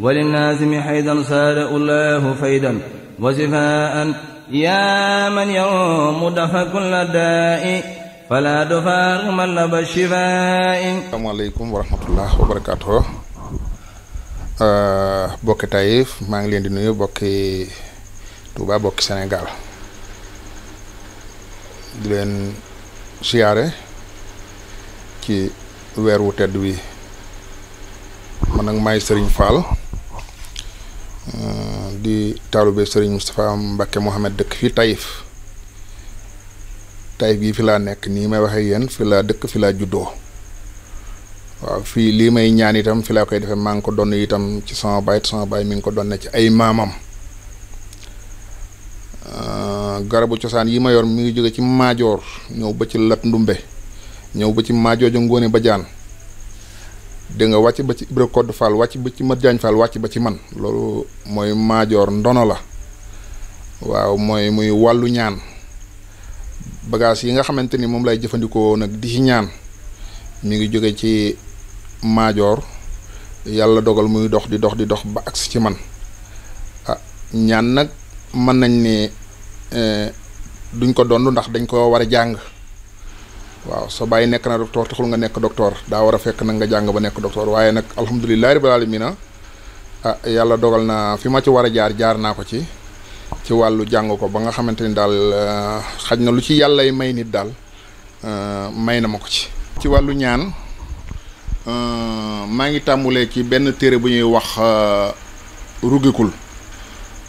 وللنازم حيدا سار الله فيدا وشفاء يا من يوم دفع كل داء فلا دفاع من لب الشفاء السلام عليكم ورحمة الله وبركاته bokki Taïf maa ngi leen di nuyu bokki Touba bokki Sénégal di leen siyaare ci weer wu tedd wi man nag maay Serigne Fall Eh, di taalube serigne mustapha Mbacke Muhammad dekk fi Taif taif bi fi la nek ni may waxe yeen fi la dekk fi la juddo wa fi li may ñaan itam fi la koy defee maa ngi ko don itam ci sama baay sama bay mi ngi ko doon ci ay euh garabu ciosan yi ma yor mi ngi joge ci major ñew ba ci lat ndumbe ñew ba ci jo ngone ba jaan de nga wacc ba ci Ibra Code Fall wacc ba ci Mat Fall wacc ba ci man lolu moy major ndono la waaw moy muy walu ñaan bagage yi nga xamanteni mom lay jëfëndiko nak di ci ñaan mi ngi joggé ci major yalla dogal muy dox di dox di dox ba aks ci man ah ñaan nak man nañ ni eh, duñ ko dond ndax dañ ko wara jang waaw so bàyyi nek na docteur taxul nga nek docteur da wara fek na nga jang ba nek docteur waye nak alhamdullilah rabbil alamin ah yalla dogal na fi ma ci wara jaar jaar na ko ci ci walu jang ko ba nga xamanteni dal ah, xajna lu ci yalla may nit daal ah, may na mako ci ci walu ñaan ah, ma ngi tàmbulee ci ben téré bu ñuy wax rugikul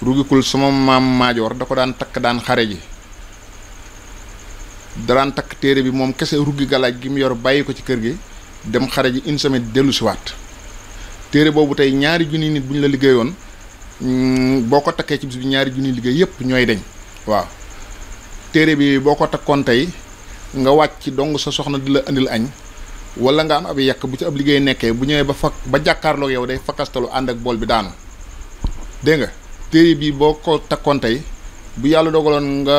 rugikul sama mam da ko daan tak daan xare ji daraan tak téere bi moom kese ruggi galaaj gi mu yor bàyyi ko ci kër gi dem xare ji une semaine dellu si waat téere boobu tey ñaari junni nit bu ñu la liggéeyoon mm, boo ko takkee ci bis bi ñaari junni liggéey yépp ñooy dañ waaw téere bi boo ko takkoon tey nga wàcc ci dong sa soxna di la andil añ wala nga am ab yàq bu ci ab liggéey nekkee bu ñëwee ba fa ba jàkkaarloog yow day fakastalu ànd ak bool bi daanu dégg nga bi boo ko takkoon tey bu yàlla dogaloon nga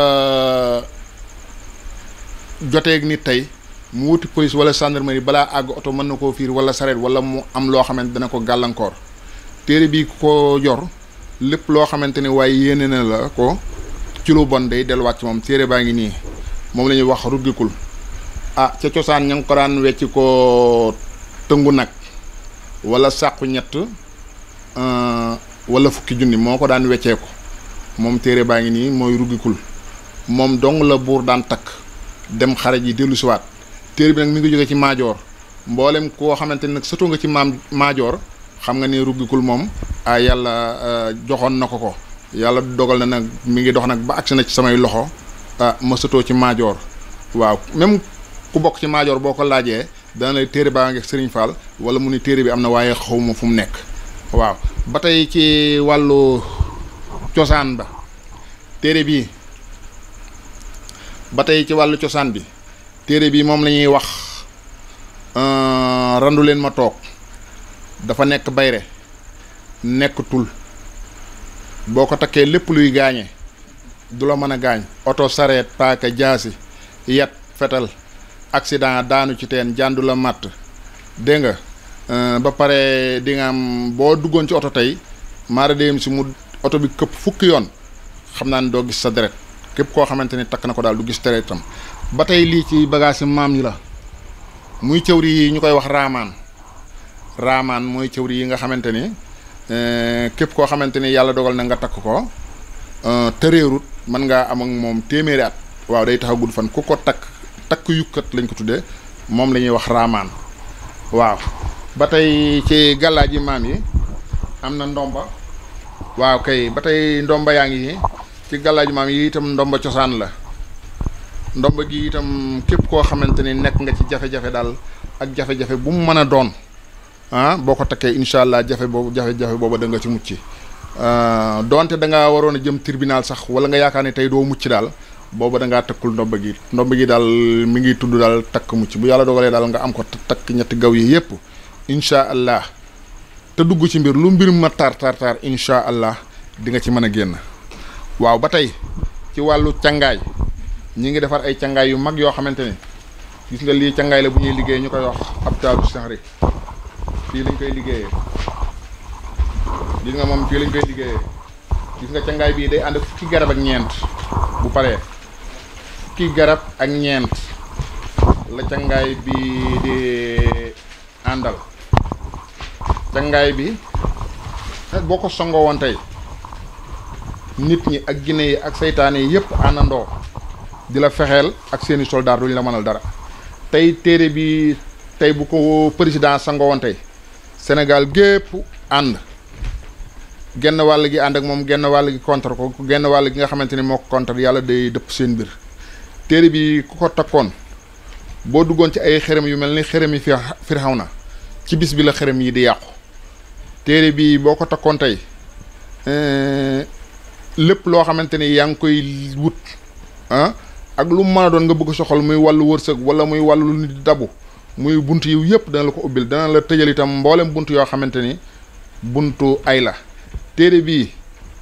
ak nit tay, mu wuti police wala gendarmerie bala ag auto man nako fiir wala saret wala mu am lo xamante dana ko galankor téere bi ko yor lepp lo xamante way yene na la ko ci lu bon day del wacc mom téere baangi ni mom lañu wax rugikul ah ci ciosan ñang ko daan ko teungu nak wala saxu ñett eh, wala fukki junni moko ko daan weccee ko mom téere baa ngi nii mooy dong la bour daan tak dem xare ji dellu siwaat téere bi nag mi ngi jóge ci maajoor mboolem koo xamante ne nag sëtoo nga ci maam maajoor xam nga ni ruggikul moom ah yàlla ah, joxoon na ko ko yàlla dogal na nag mi ngi dox nag ba agsi na ci samay loxo ah ma ci maajoor waaw même ku bokk ci maajoor boo ko laajee dana téere baa ngi sëriñ Fall wala mu ni téere bi am na waaye xawma fu mu nekk waaw ba tey ci wàllu cosaan ba téere bi batay cewa ci walu ciosan bi téré bi mom lañuy wax euh randu len ma tok dafa nek bayre nek tul boko také lepp luy gañé du la mëna gañ auto sarret sareet paaka yat fetal accident daanu ci ten jandu la mat de nga euh, ba paré di nga am bo ci auto tay mara dem si mu auto bi kep fukk yoon xamna do gis sa képp koo xamante ni takk na ko daal du gis tere itam ba tey lii ci bagage maam yi la muy cëwri yi ñu koy wax raamaan raamaan mooy cëwri yi nga xamante ni eh, képp koo xamante ni yàlla dogal na nga takk ko eh, tëreerut man ngaa am ak moom téeméeri at waaw day tax fan ku ko takk takk yukkat lañ ko tuddee moom la ñuy wax raamaan waaw ba ci gàllaaji maam yi am na ndomba waaw kay ba ndomba yaa ci galaj mam yi itam ndomba ciosan la ndomba gi itam kep ko xamanteni nek nga ci jafe-jafe dal ak jafe-jafe bu mu meuna doon ah boo ko allah jafe boobu jafe-jafe boba da nga ci euh ah, donte da nga waroon jëm tribunal sax wala nga yakane tay do mucci dal bobu da nga takul ndomba gi ndomba gi dal mi ngi tuddu dal tak mucci bu yalla dogalé dal nga am ko tak ñet gaw yi yépp inshallah allah te dugg ci mbir lu mbir ma tar tar tar inshallah di nga ci waaw ba tey ci wàllu càngaay ñi ngi defar ay càngaay yu mag yoo xamante ni gis nga lii cangaay la bu ñuy liggéey ñu koy wax ab taaru sahri fii lañ koy liggéeyee gis nga moom fii lañ koy liggéeyee gis nga càngaay bii day ànd ak fukki garab ak ñeent bu pare fukki garab ak ñeent la càngaay bi di àndal cangaay bi boo ko songoo woon tey nit ñi ak guiné yi ak saytane yi yëpp àndandoo di la ak seeni soldat duñ la manal dara tay téré bi tay bu ko président sango won tay Sénégal gépp and genn wàll gi and ak mom genn wàll gi contre ko genn wàll gi nga xamanteni moko contre yalla day depp seen bir téré bi ku ko takkon bo duggoon ci ay xérem yu melni xérem yi na ci bis bi la xérem yi di yàqu téré bi boko takkon tay. Eh, lepp lo xamanteni yang koy wut ah ak lu mu mën doon nga bëgg soxal muy walu wërseuk wala muy wàllu nit dabu muy buntu yu yëpp na la ko ubbil na la tejeel itam buntu yo xamanteni buntu ay la téré bi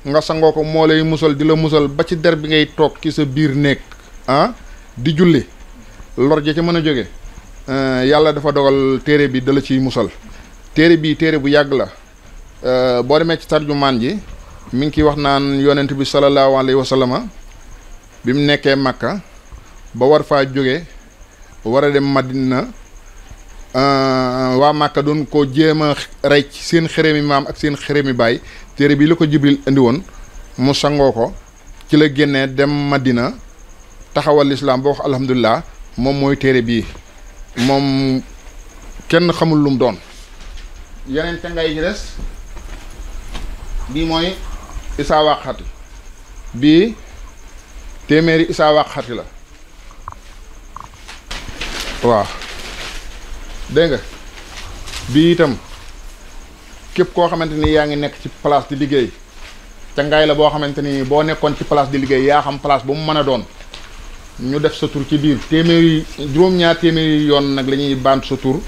nga sangoko mo lay musal dila musal ba ci der bi ngay tok ci sa bir nek ah di julli lor ja ci mëna joggé jóge eh, yalla dafa dogal téré bi dala ci musal téere bii bu yag la eh, bo démé ci tarjumaan ji mi ngi ciy wax naan yonent bi sallallahu alayhi wa sallama bi mu nekkee Makka ba war faa jóge war a dem Madina euh, waa Makka doon ko jéem a rey ci seen maam ak seen mi baay téere bii la ko Jibril indi woon mu sangoo ko ci la génnee dem Madina taxawal lislaam boo wax alhamdulilah moom mooy téere bii moom kenn xamul lu mu doon yeneen càngaay yi bii mooy isa wàqati bi temeri isaa wàqati la waaw dégg bi bii itam képp koo xamante ni yaa ngi nekk ci place di liggéey ca ngay la bo xamanteni ni nekkon ci place di liggéey ya xam place bu mu meuna don ñu def sa tour ci biir téeméeri juroom ñaar téeméeri yoon nak lañuy ñuy sa tour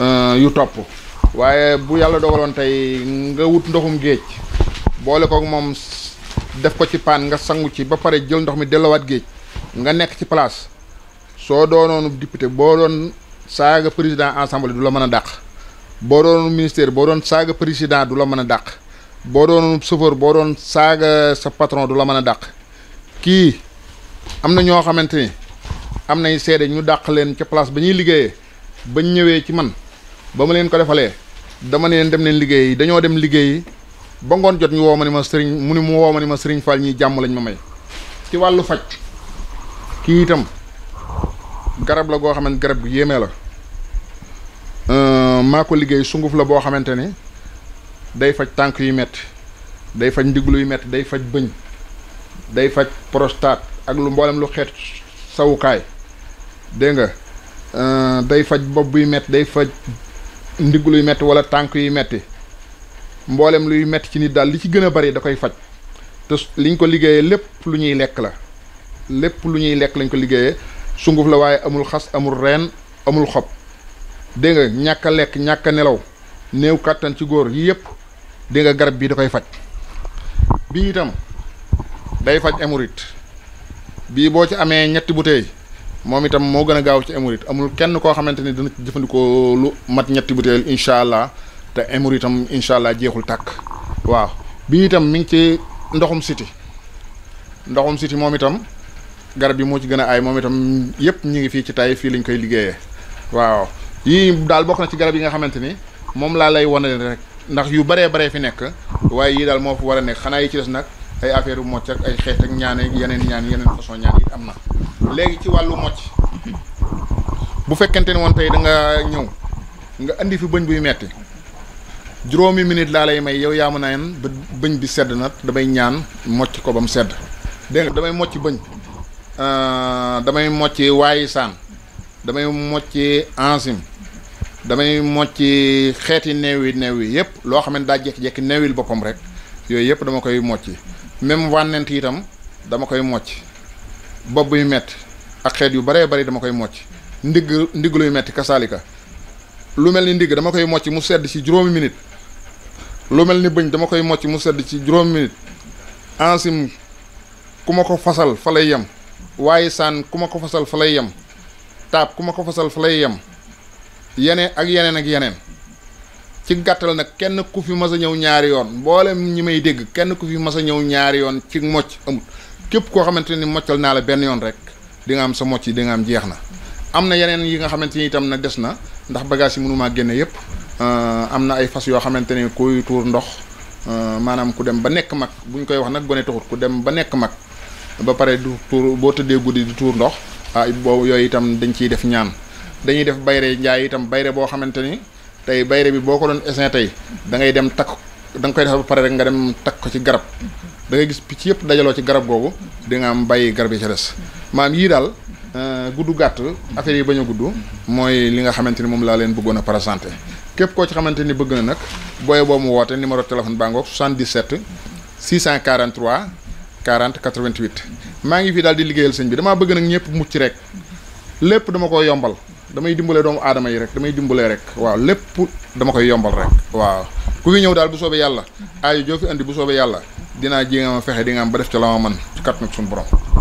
euh yu top waye bu yalla dogalon tay nga wut ndoxum geej boole ko mom def ko ci pan nga sangu ci ba pare jël ndox mi delawat geej nga nek ci place do nonu député bo don saga président assemblée dula mëna dakk bo don ministère bo don saga président dula mëna dakk bo don chauffeur bo don saga sa patron dula mëna dakk ki amna ño xamanteni amna sédé ñu dakk leen ci place liggéey bañ ñëwé ci man bama leen ko dama leen dem leen liggéey dañoo dem liggéey ba ngon jot ñu wo ma ni ma sëriñ mu ni mu wo ma ni ma sëriñ Fall ñi jamm lañ ma may ci walu faj ki itam garab la go garab bu yeme la euh, maa ko liggey sunguf la bo xamante day faj tank yu metti day faj ndiglu yu metti day faj bëñ day faj prostate ak lu mbolam lu xeet sawukaay de nga euh, day faj bopp yu metti day faj ndiglu yu metti wala tank yu metti mboolem luy metti ci nit daal li ci gën a bari da koy faj te liñ ko liggéeyee lépp lu ñuy lekk la lépp lu ñuy lekk lañ ko liggéeyee sunguf la waaye amul xas amul reen amul xob dégg nga ñàkk lekk ñàkk nelaw néew kàttan ci góor yi yëpp dégg nga garab bii da koy faj bii itam day faj émorite bii boo ci amee ñetti bouteille moom itam moo gën a gaaw ci émorite amul kenn koo xamante ni dana jëfandikoo lu mat ñetti bouteille incha allah te Emory itam incha allah jeexul tàkk waaw bi itam mi ngi ci ndoxum siti ndoxum siti moom itam garab yi moo ci gën a aay moom itam yëpp ñu ngi fii ci tay fii lañ koy liggéeyee waaw yii daal bokk na ci garab yi nga xamante ni moom laa lay wane rek ndax yu baree baree fi nekk waaye yii daal moo fi war a nekk xanaa yi ci des nag ay affaire u mocc ak ay xeet ak ñaan ak yeneen ñaan yeneen façon ñaan yi am na léegi ci wàllu mocc bu fekkente ni woon tey da nga nga indi fi bëñ buy metti juróomi minute laa lay may yow yaa mën a ba bëñ bi sedd na damay ñaan mocc ko ba mu sedd dégg damay mocc bëñ euh, damay mocci waayi saan damay mocci enzyme damay mocci xeeti neew yi neew yi yëpp loo xam ne daa jekki-jekki neewil boppam rek yooyu yëpp dama koy mocc même wànnent itam dama koy mocc bopp yu metti ak xeet yu baree bari dama koy mocc ndigg ndigg luy metti kasaalika lu mel ni ndigg dama koy mocc mu sedd ci juróomi minute lu mel ni bëñ dama koy mocc mu sedd ci juróomi minute ansim ku ma ko fasal fa lay yem waaye saan ku ma ko fasal fa lay yem taab ku ma ko fasal fa lay yem yeneen ak yeneen ak yeneen ci gàttal nag kenn ku fi mas a ñëw ñaari yoon mboolem ñi may dégg kenn ku fi mas a ñëw ñaari yoon ci mocc amut képp koo xamante ni moccal naa la benn yoon rek di nga am sa mocc yi di nga am jeex na am na yeneen yi nga xamante ni itam na des na ndax bagage yi mënumaa génne yépp Euh, am na ay fas yoo xamante ne kuy tuur ndox euh, maanaam ku dem ba nekk mag bu ñu koy wax nag gone taxut ku dem ba nekk mag ba pare du tuur boo tëddee guddi di tuur ndox ah boobu yooyu itam dañ ciy def ñaan dañuy def bayre njaay itam bayre boo xamante ni tey bayre bi boo ko doon essin tey da ngay dem takk da nga koy def ba pare rek nga dem takk ko ci garab da gis picc yëpp dajaloo ci garab googu di nga am bàyyi garab yi ca des maam yii daal euh, gudd gàtt affaire yi bañ a gudd mooy li nga xamante ni moom laa leen bëggoon a présenté képp koo ci xamante ni bëgg na nag booye boo mu woote numéro téléphone baa ngoog 77 643 40 88 maa ngi fii daal di liggéeyal sëñ bi damaa bëgg nag ñëpp mucc rek lépp dama koy yombal damay dimbale doomu aadama yi rek damay dimbalee rek waaw lépp dama koy yombal rek waaw ku fi ñëw daal bu soobee yàlla aay joo fi andi bu soobee yàlla dinaa jéem a fexe di am ba def ci la ma mën ci kat nag suñu borom